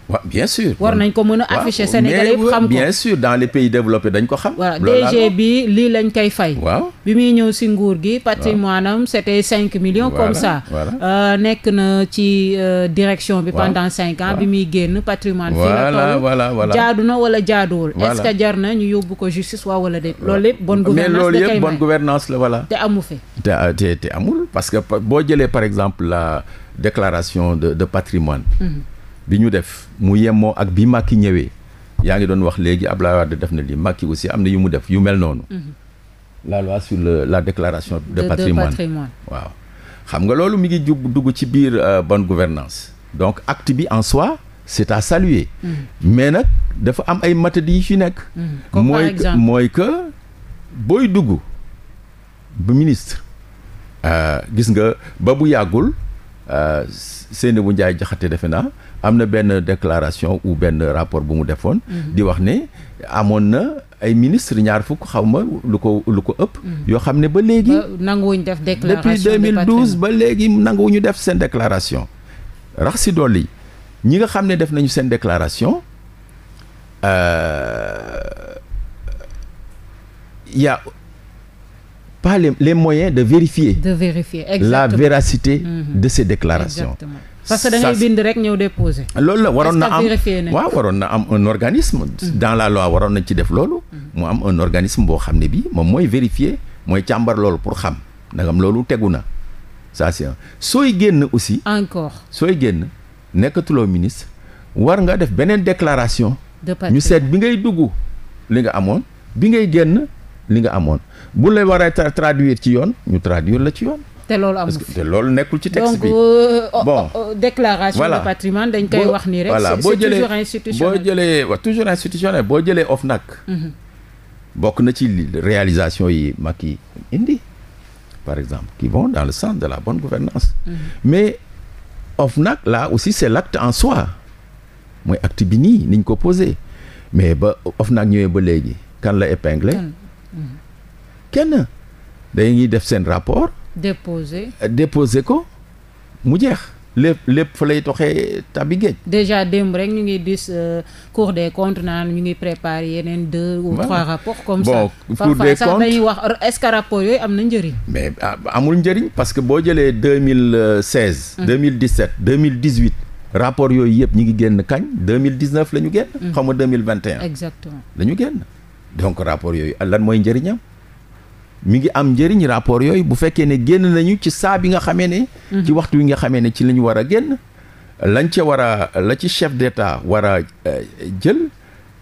waaw bien sûr war nañ ko mën a afficher Sénégalais xam ko bien sûr dans les pays dañ ko xam voilà DG bi lii lañ koy fay waaw bi muy ñëw si nguur gi patrimoine am c'était cinq millions comme ça euh, nekk na ci euh, direction bi pendant cinq ans bi muy génn patrimoine fii la toll jaadu na wala jaaduwul est-ce jar na ñu yóbbu ko justice waaw wala de lool lépp bon gouvernance mais loolu la voilà te amu fi amul parce que boo jëlee par exemple la déclaration de de patrimoine mhm. bi ñu def mu yemmoo ak bi Macky ñëwee yaa ngi doon wax léegi Abdoulaye Wade def na lii Macky aussi am na yu mu def yu mel noonu. Mhm. la loi le, la déclaration de, de patrimoine waaw xam nga loolu mi ngi jub dugg ci biir euh, bonne gouvernance donc acte bi en soi c'est à saluer mhm. mais nag dafa am ay matadi yi fi nekk mhm. mooy mooy que booy dugg bu ministre euh, gis nga ba bu yàggul euh, Seynabou Ndiaye Jaxate defe naa am na benn déclaration ou benn rapport bu mu defoon. Mhm. di wax ne amoon na ay ministre ñaar fukk xaw ma lu ko lu ko ëpp. Mhm. yoo xam ne ba léegi. nanguwuñu def déclaration depuis 2012 ba léegi nanguwuñu def seen déclaration. rax si dolli ñi nga xam ne def nañu seen déclaration euh, y a pas les les moyens de vérifier. de vérifier la véracité. Mm -hmm. de ces déclarations. parce que da ngay rek ñëw déposer. loolu la waroon na am waaw waroon na am un organisme. dans la loi waroon na ci def loolu. mu am un organisme boo xam ne bii moom mooy vérifier mooy càmbar loolu pour xam ndagam loolu tegu na ça c'est sooy génn aussi. encore sooy génn nekkatuloo ministre war nga def beneen déclaration. ñu seet bi ngay dugg li nga amoon bi ngay génn li nga amoon bu la war a traduire ci yoon ñu traduire la ci yoon. te loolu amul te loolu nekkul ci texte bi donc euh, bon euh, euh, déclaration de patrimoine dañ koy wax ni rek. boo jëlee toujours institutionnel boo jëlee waaw toujours institutionnel boo jëlee OFNAC. Mhm. bokk na ci réalisation yi Macky indi par exemple qui vont dans le sens de la bonne gouvernance mhm. mais OFNAC là aussi c'est l'acte en soi mooy acte bi nii niñ ko posé mais ba OFNAC ñëwee ba léegi kan la épinglé mhm. kenn dañuy def seen rapport déposer déposer ko mu jeex lépp lépp fa lay toxee tabi géej. déjà démb rek ñu ngi dis euh, cour des comptes naan ñu ngi préparer yeneen deux ou trois rapports comme bon, ça cour wax est-ce que rapport yooyu am na njëriñ. mais ah, amul que boo jëlee deux mille euh, seize. deux mille dix sept deux mille dix huit rapport ñu ngi génn kañ deux mille dix neuf la ñu génn. xam nga ñu génn donc rapport yooyu lan mooy njëriñam. mi ngi am njëriñ rapport yooyu bu fekkee ne génn nañu ci saa bi nga xamee ne. Mhm. ci waxtu wi nga xamee ne ci la ñu war a génn. lañ ca war a la ci chef d'état war a eh, jël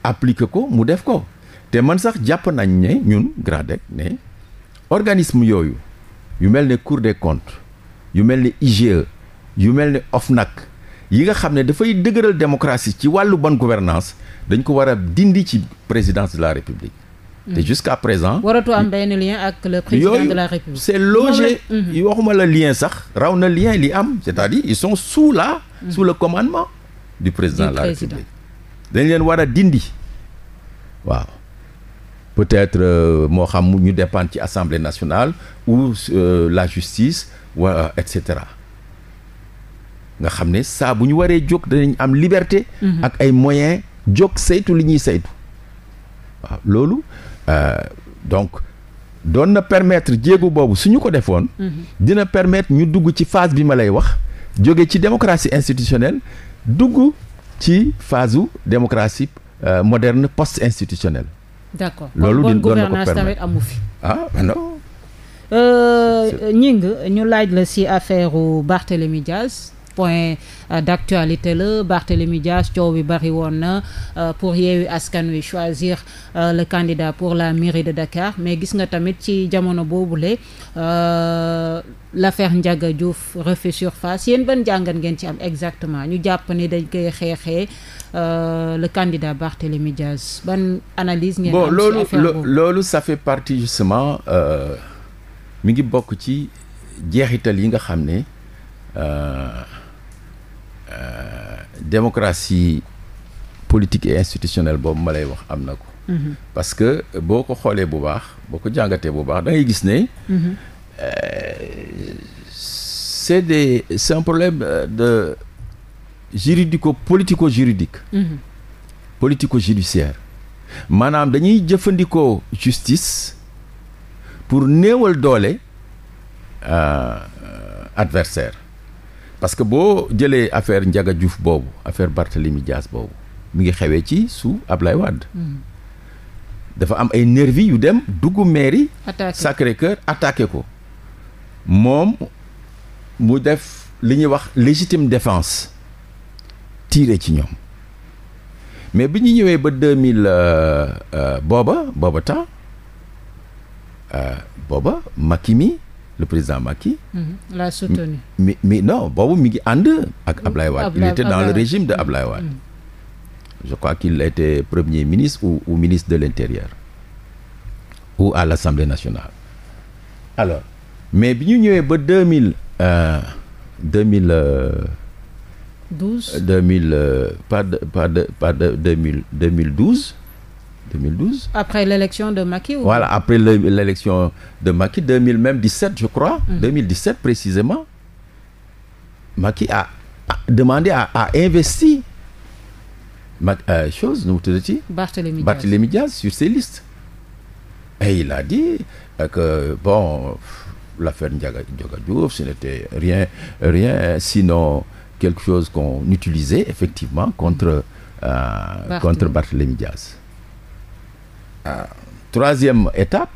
appliquer ko mu def ko te man sax jàpp nañ ne ñun GRADEC ne organisme yooyu yu mel ne Cour des comptes yu mel ne IGE yu mel ne nag yi nga xam ne dafay dëgëral démocratie ci wàllu bonne gouvernance dañ ko war a dindi ci présidence de la République. te jusqu'à présent. waratu am benn lien ak le président de la république. c'est logé mhm. waxuma la lien sax raw na lien li am c'est-à-dire ils sont sous la. Mhm. sous le commandement du président de la république. dañ leen war a dindi waaw peut-être euh, moo xam ñu dépendre ci assemblée nationale ou euh, la justice wa euh, et cetera. nga xam ne saa bu ñu waree jóg danañ am liberté. Mhm. ak ay moyen jóg saytu li ñuy saytu loolu. Euh, donc doon na permetre jéegu boobu su ñu ko defoon. Mm-hmm. dina permettre ñu dugg ci phase bi ma lay wax jóge ci démocratie institutionnelle dugg ci phase u démocratie euh, moderne post institutionnelle. d'accord loolu di doon na ko permettre amu fi. ah non. ñing euh, ñu laaj la si affaire Barthélémy Diaz point euh, d'actualité la Barthélémy Dias coow bi bari woon na euh, pour Yewwi Askan Wi choisir euh, le candidat pour la mairie de dacar mais gis nga tamit ci jamono boobule l'affaire Ndiaga Diouf refait surface yéen ban jàngat ngeen ci am exactement ñu jàpp ni dañ koy xeexee le candidat Barthélémy Dias ban analyse ngeen bon loolu loolu fait partie justement mi ngi bokk ci jeexital yi nga xam ne Euh, démocratie politique et institutionnelle boobu ma lay wax am na ko. Mhm. parce que boo ko xoolee bu baax boo ko jàngatee bu baax dangay gis ne. Mhm. Euh, c'est des c'est un problème euh, de juridico politico juridique. Mhm. politico judiciaire maanaam dañuy jëfandikoo justice pour néewal doole adversaire parce que boo jëlee affaire Ndiaga Diouf boobu affaire Barthélemy Dias boobu mi ngi xewee ci su Ablaye Wade. Hmm. dafa am ay nervi yu dem dugg mairie. Sacré-Cœur attaqué ko moom mu def li ñuy wax légitime défense tiire ci ñoom mais bi ñuy ñëwee ba deux mille euh, euh, booba booba temps euh, booba Macky mi le président Macky. Mm-hmm. l'a soutenu. mais mais non boobu mi ngi ànd ak mm-hmm. Ablaye Wade. il était dans le régime de Ablaye Wade. Mm-hmm. je crois qu'il était premier ministre ou, ministre de l'intérieur ou à l'Assemblée nationale alors mais bi ñu ñëwee ba deux mille euh, deux mille euh, douze deux mille euh, pas de pas de pas de deux mille deux mille douze 2012. Après l'élection de Macky ou... Voilà, après l'élection de Macky, 2000 même 17, je crois, mmh. 2017 précisément, Macky a, a demandé à, a investi Ma, euh, chose, nous te dit Barthélémy, Barthélémy Diaz. sur ses listes. Et il a dit euh, que, bon, l'affaire Ndiaga Diouf, ce n'était rien, rien, sinon quelque chose qu'on utilisait effectivement contre, euh, Barthélémy. contre Barthélémy Diaz. ah, troisième étape,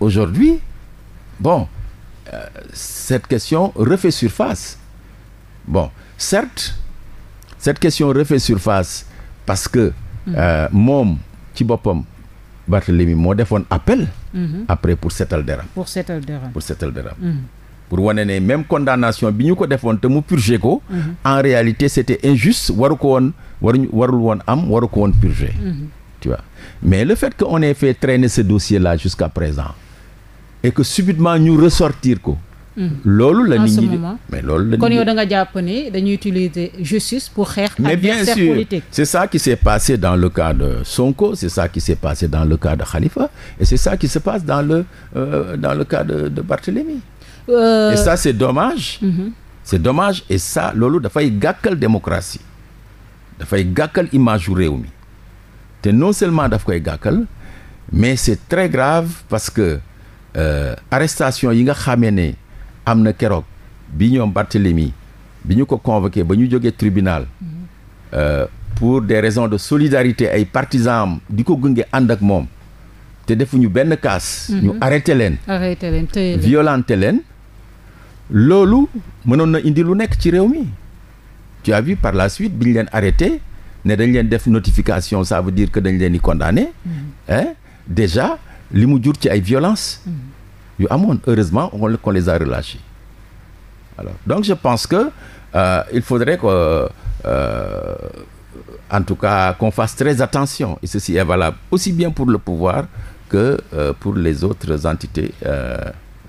aujourd'hui, bon, euh, cette question refait surface. Bon, certes, cette question refait surface parce que mm-hmm. euh, moom ci boppam Barthélemy moo defoon appel. Mm-hmm. après pour seetal deram. pour seetal deram pour seetal deram. Mm-hmm. pour même condamnation bi ñu ko defoon te mu purgé ko. en réalité c' était injuste waru ko woon waruñu warul woon am waru ko woon purgé. tu mais le fait qu'on ait fait traîner ce dossier là jusqu'à présent et que subitement ñu ressortir ko. Hmm. loolu la nit ñi mais loolu la kon yow da nga jàpp ne dañuy utiliser justice pour xeex. mais bien sûr c'est ça qui s'est passé dans le cas de Sonko c'est ça qui s'est passé dans le cas de Khalifa et c'est ça qui se passe dans le euh, dans le cas de de Barthélémy. Euh... et ça c'est dommage. Mm c'est dommage et ça loolu dafay gàkkal démocratie dafay gàkkal image yu réew mi. te non seulement daf koy gàkkal mais c'est très grave parce que euh, arrestation yi nga xamee ne am na keroog bi ñoom Barthélemy bi ñu ko convoqué ba ñu jógee tribunal euh, pour des raisons de solidarité ay partisans di ko gunge ànd ak moom te defuñu benn kaas. Mm-hmm. ñu arrêté leen. arrêté leen téye leen loolu mënoon na indi lu nekk ci réew mi. tu as par la suite bi ñu leen arrêté ne dañ leen def notification ça veut dire que dañ leen di condamné mm-hmm. déjà li mu jur ci ay violence mm-hmm. yu amoon heureusement on qu'on les a relâchés alors donc je pense que euh, il faudrait que euh, en tout cas qu'on fasse très attention et ceci est valable aussi bien pour le pouvoir que euh, pour les autres entités euh,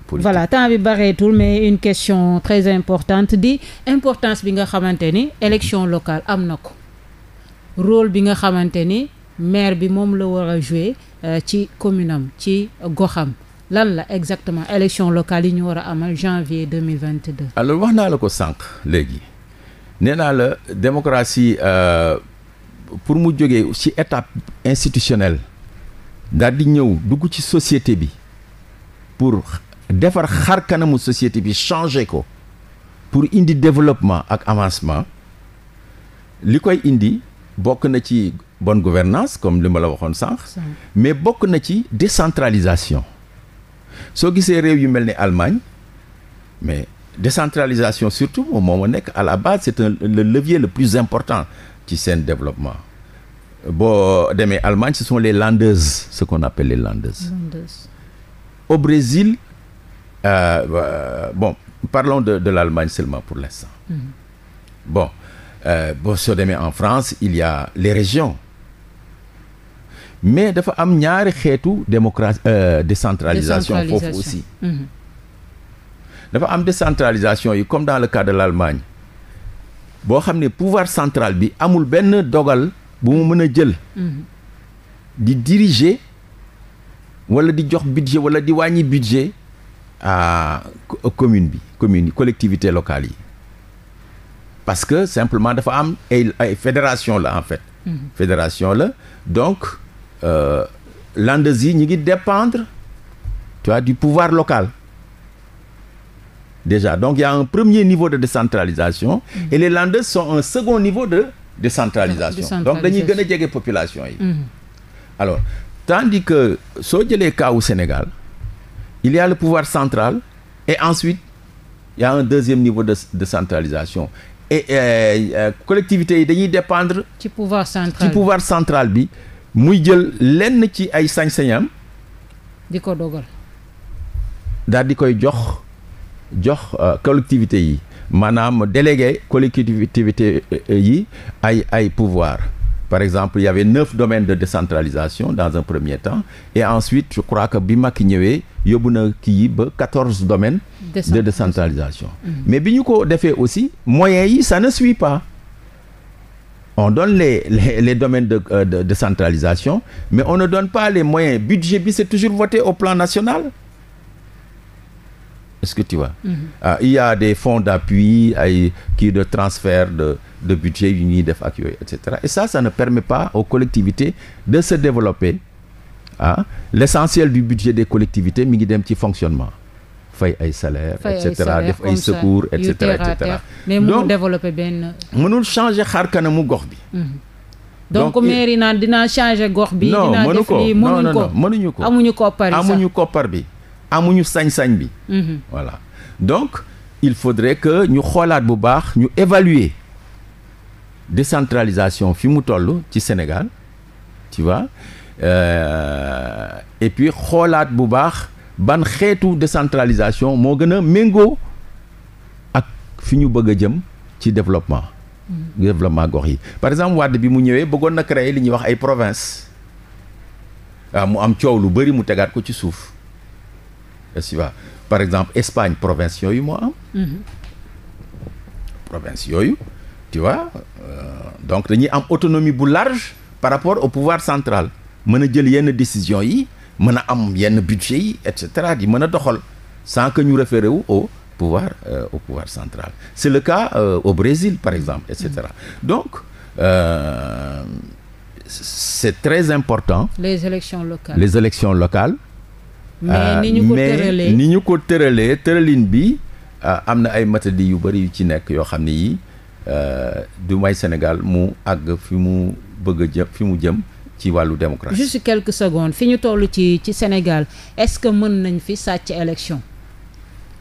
politiques. voilà temps bi bareetul mais une question très importante di importance bi nga xamante ni élection locale am na ko rôle bi nga xamante ni maire bi moom la war a jouer euh, ci commune ci goxam lan la exactement élection locale yi ñu war a amal janvier 2022 alors wax naa la ko sànq léegi nee naa la démocratie euh, pour mu jógee ci étape institutionnelle daal di ñëw dugg ci société bi pour defar xar kanamu société bi changer ko pour indi développement ak avancement li koy indi bokk na ci bonne gouvernance comme li ma la waxoon sànq mais bokk na ci décentralisation soo gisee réew yu mel ni Allemagne mais décentralisation surtout moom moo nekk à la base c'est un, le levier le plus important ci seen développement boo demee Allemagne ce sont les landeuses ce qu'on appelle les landeuses au Brésil euh, euh, bon parlons de de l'Allemagne seulement pour l'instant mm Euh, boo soo demee en France il y a les régions mais dafa am ñaari xeetu démocratie euh, décentralisation foofu aussi mhm. dafa am décentralisation yi comme dans le cas de l'Allemagne boo xam ne pouvoir central bi amul benn dogal bu mu mën a jël mhm. di diriger wala di jox budget wala di wàññi budget à commune bi commune collectivité locale yi parce que simplement dafa am ay fédération la en fait. Mhm. fédération la donc euh, landesi yi ñu ngi dépendre tu vois du pouvoir local déjà donc il y a un premier niveau de décentralisation. Mm -hmm. et les landes sont un second niveau de décentralisation. De, de donc dañuy gën a jege population yi. Mm -hmm. alors tandis que soo jëlee cas au Sénégal il y a le pouvoir central et ensuite. il y a un deuxième niveau de centralisation et euh, euh, collectivités yi dañuy dépendre. ci pouvoir central ci pouvoir bi. muy jël lenn ci ay sañ-sañam. di ko dogal. daal di koy jox jox euh, collectivités yi maanaam délégué collectivité yi ay ay pouvoir Par exemple, il y avait domaines de décentralisation dans un premier temps. Et ensuite, je crois que bi Macky ñëwee yóbbu na kii ba quatorze domaines. de décentralisation. Mm mais bi ñu ko defee aussi moyens yi ça ne suit pas. on donne les les, les domaines de, euh, décentralisation mais on ne donne pas les moyens budget bi c'est toujours voté au plan national. Est-ce que tu vois mm -hmm. ah, y a des fonds d'appui ay kii de transfert de de budget yu ñuy def ak yooyu et cetera et ça ça ne permet pas aux collectivités de se développer ah du budget des collectivités mi ngi dem ci fonctionnement fay ay salaire et cetera def ay secours et cetera et cetera mais mënul développer benn mënul changer xar kanamu gox bi mm-hmm. donc maire yi naan dinaa changer gox bi dinaa def lii ko mënuñu ko amuñu koppar bi amuñu sañ-sañ bi. Mhm. voilà donc il faudrait que ñu xoolaat bu baax ñu évaluer décentralisation fi mu toll ci Sénégal tu vois euh, et puis xoolaat bu baax ban xeetu décentralisation moo gën a méngoo ak fi ñu bëgg a jëm ci développement. Mmh. développement gox yi par exemple Wade bi mu ñëwee bëggoon na créer li ñuy wax ay province waaw ah, am coow lu bëri mu tegaat ko ci suuf. est par exemple Espagne province yooyu moo am. Mhm. province yooyu tu vois euh, donc dañuy am autonomie bu large par rapport au pouvoir central mën a jël yenn décision yi mën a am yenn budget yi et cetera di mën a doxal sans que ñu référé wu au pouvoir euh, au pouvoir central c'est le cas euh, au Brésil par exemple et cetera mhm. donc euh, c'est très important les élections locales les élections locales mais euh, ni ñu ko tëralee ni ñu ko tëralee tëralin bi euh, am na ay matadi yu bëri yu ci nekk yoo xam ne yi euh, du may Sénégal mu àgg fi mu bëgg a jëm fi mu jëm ci wàllu démocratie. juste quelque secondes fi ñu toll ci ci Sénégal est-ce que mën nañ fi sàcc élection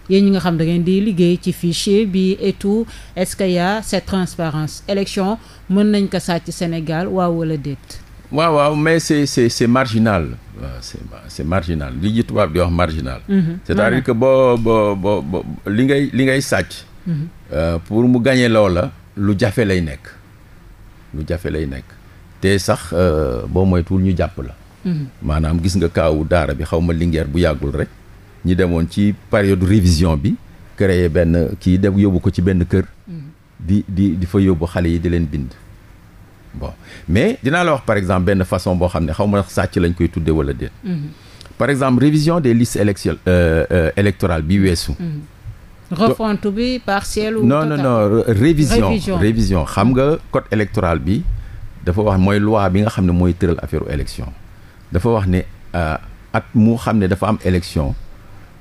yéen ñi nga xam da ngeen di liggéey ci fichier bi et tout est-ce que y a cette transparence élection mën nañ ko sàcc Sénégal waaw wala déet. waaw waaw mais c'est c'est c'est marginal. waaw c' est c' est marginal li ji tubaab di wax marginal. Mhm. c' est à dire que boo boo boo li ngay li ngay sàcc. Mhm. Euh, pour mu gagner loola lu jafe lay nekk lu jafe lay nekk te sax euh, boo moytuwul ñu jàpp la. Mhm. maanaam gis nga kaawu daara bi xaw ma Linguère bu yàggul rek ñi demoon ci période révision bi créer benn kii dem yóbbu ko ci benn kër. di di di fa yóbbu xale yi di leen bind. bon mais dinaa la wax par exemple benn façon boo xam ne xaw ma sàcc lañ koy tuddee wala déet. Mm-hmm. par exemple révision de listes élection euh, euh, électorales bi weesu. Mm-hmm. refonte bi partielle ou non non non révision révision xam nga code électoral bi dafa wax mooy loi bi nga xam ne mooy tëral affaire élection dafa wax ne euh, at mu xam ne dafa am élection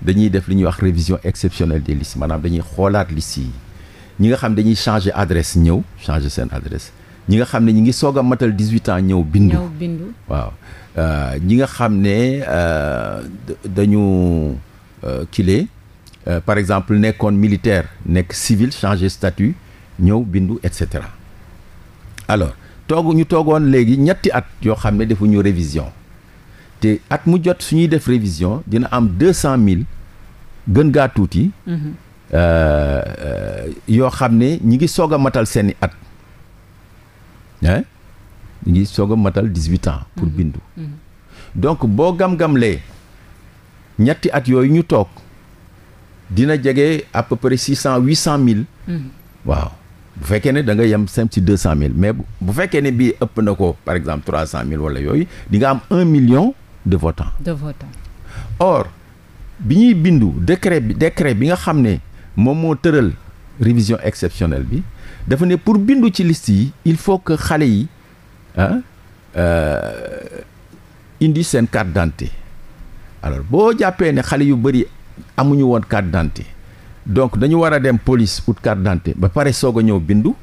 dañuy def li ñuy wax révision exceptionnelle des listes maanaam dañuy xoolaat listes yi ñi nga xam dañuy changer adresse ñëw changer seen adresse ñi nga xam ne ñi ngi soog a matal dix huit ans ñëw bindu ñëw bindu waaw euh, ñi nga xam ne euh, dañu euh, kile par exemple nekkoon militaire nekk civil changer statut ñëw bindu et cetera alors toog ñu toogoon léegi ñetti at yoo xam ne defuñu révision te at mu jot suñuy def révision dina am deux cent mille gën gaa tuuti. Mm-hmm. yoo xam ne ñi ngi soog a matal seeni at. ah ñu ngi soog a matal dix huit ans pour mhm. bindu mhm. donc boo gam-gamlee ñetti at yooyu ñu toog dina jege à peu près cent huit cent mille mhm. waaw bu fekkee ne da nga yem sem deux cent mille mais bu fekkee ne bii ëpp na ko par exemple trois cent mille wala yooyu di nga am un million de votants de votants or bi ñuy bindu décret bi décret bi nga xam ne moom moo tëral révision exceptionnelle bi dafa ne pour bindu ci liste yi il faut que xale yi ah indi seen carte d'identité alors boo jàppee ne xale yu bëri amuñu woon carte d'identité donc dañu war a dem police ut carte d'identité ba pare soog a ñëw bindu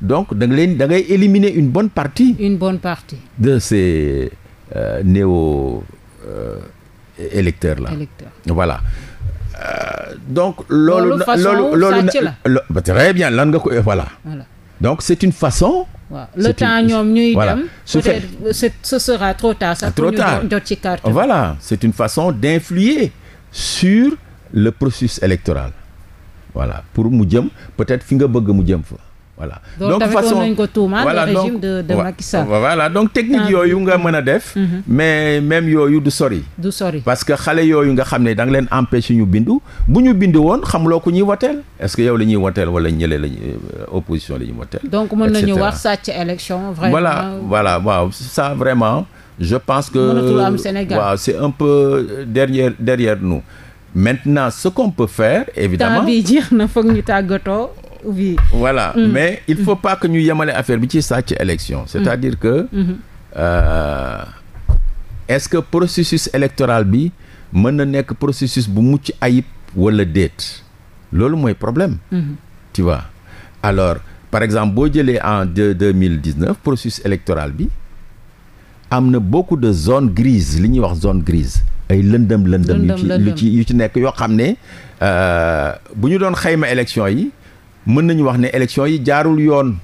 donc da nga leen da ngay éliminer une bonne parti une bonne partie. de ces euh, néo euh, électeurs là. voilà. Euh, donc loolu loolu loolu na très bien lan nga ko euh, voilà donc c'est une façon waaw le temps ñoom ñuy dem peut ce sera trop tard ah, ci carte voilà c'est une façon d'influer sur le processus électoral voilà pour mu jëm peut-être fi nga bëgg mu jëm fa voilà. donc façon nañ ko tuuma voilà le régime de de Macky donc technique yooyu nga mën a def. Mhm. mais même yooyu du sori. du sori parce que xale yooyu nga xam ne danga nga leen empêcher ñu bindu bu ñu bindu woon xamuloo ko ñuy woteel est-ce que yow la ñuy woteel wala ñële la ñuy euh, opposition la ñuy woteel. donc mën nañu wax sàcc élection. vraiment voilà voilà waaw ça vraiment. je pense que waaw c'est un peu euh, derrière derrière nous maintenant ce qu'on peut faire évidemment temps ñu tàggatoo oui. voilà mm. mais il faut pa que ñu yemale affaire bi ci sàcc élection mm. cest à que mm-hmm. euh, est-ce que processus électoral bi mën na nekk processus bu mucc ayib wala déet loolu mooy problème mm-hmm. tu vois alors par exemple boo jëlee en deux deux mille dix neuf processus électoral bi am na beaucoup de zone grises li ñuy wax zone grise ay lëndëm lëndëm yu ci yu ci nekk yoo xam ne euh, bu ñu doon xayma élection yi mën nañu wax ne élection yi jaarul yoon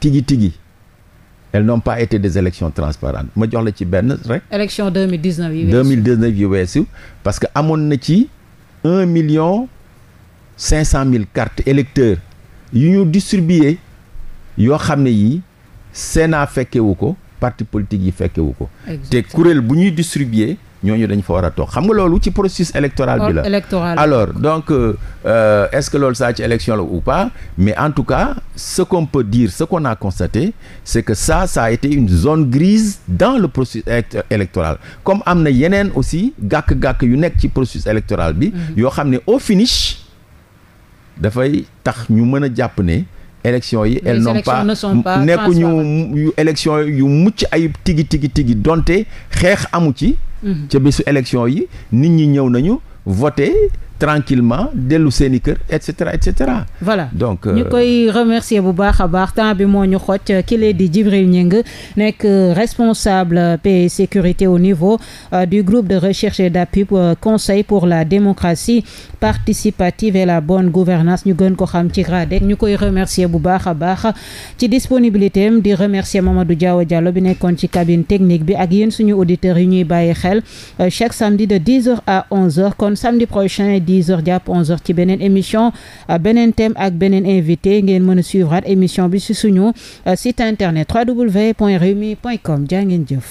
tigi tigi elles n'ont pas été des élections transparentes ma jox la ci benn rek. élection deux mille dix neuf yi weesu deux mille dix neuf weesu parce que amoon na ci un million cinq cent mille cartes électeurs yu ñu distribué yoo xam ne yii Sénat fekkewu ko parti politique yi fekkewu ko. te kuréel bu ñuy distribué. ñooñu dañu fa war a toog xam nga loolu ci processus électoral bi la alors donc euh, euh, est-ce que loolu ça ci élection la ou pas mais en tout cas ce qu'on peut dire ce qu'on a constaté c'est que ça ça été une zone grise dans le processus euh, électoral comme am na yeneen aussi gàkk-gàkk yu nekk ci processus électoral bi mm-hmm. yoo xam ne au finish dafay tax ñu mën a jàpp ne élections yi elles n'ont pas nekkuñu yu mucc ay tigi tigi tigi donte xeex amu ci mhm. ca bésu élection yi nit ñi ñëw nañu voté tranquillement dellu seen i kër et cetera et voilà donc ñu euh, koy remercier bu baax a baax temps bi moo ñu xoj ki lee di Djibril Gningue nekk euh, responsable euh, paix sécurité au niveau du groupe de recherche et d'appui conseil pour la démocratie participative et la bonne gouvernance ñu gën ko xam ci GRADEC ñu koy remercier bu baax a baax ci disponibilité am di remercier Mamadou Diaw Diallo bi nekkoon ci cabine technique bi ak yéen suñu auditeurs yi ñuy bàyyi xel chaque samedi de 10 à 11 dix heures jàpp onze heures ci beneen émission euh, beneen thème ak beneen invité ngeen mën a suivre émission bi si suñu euh, site internet www.rewmi.com jaa ngeen jëf.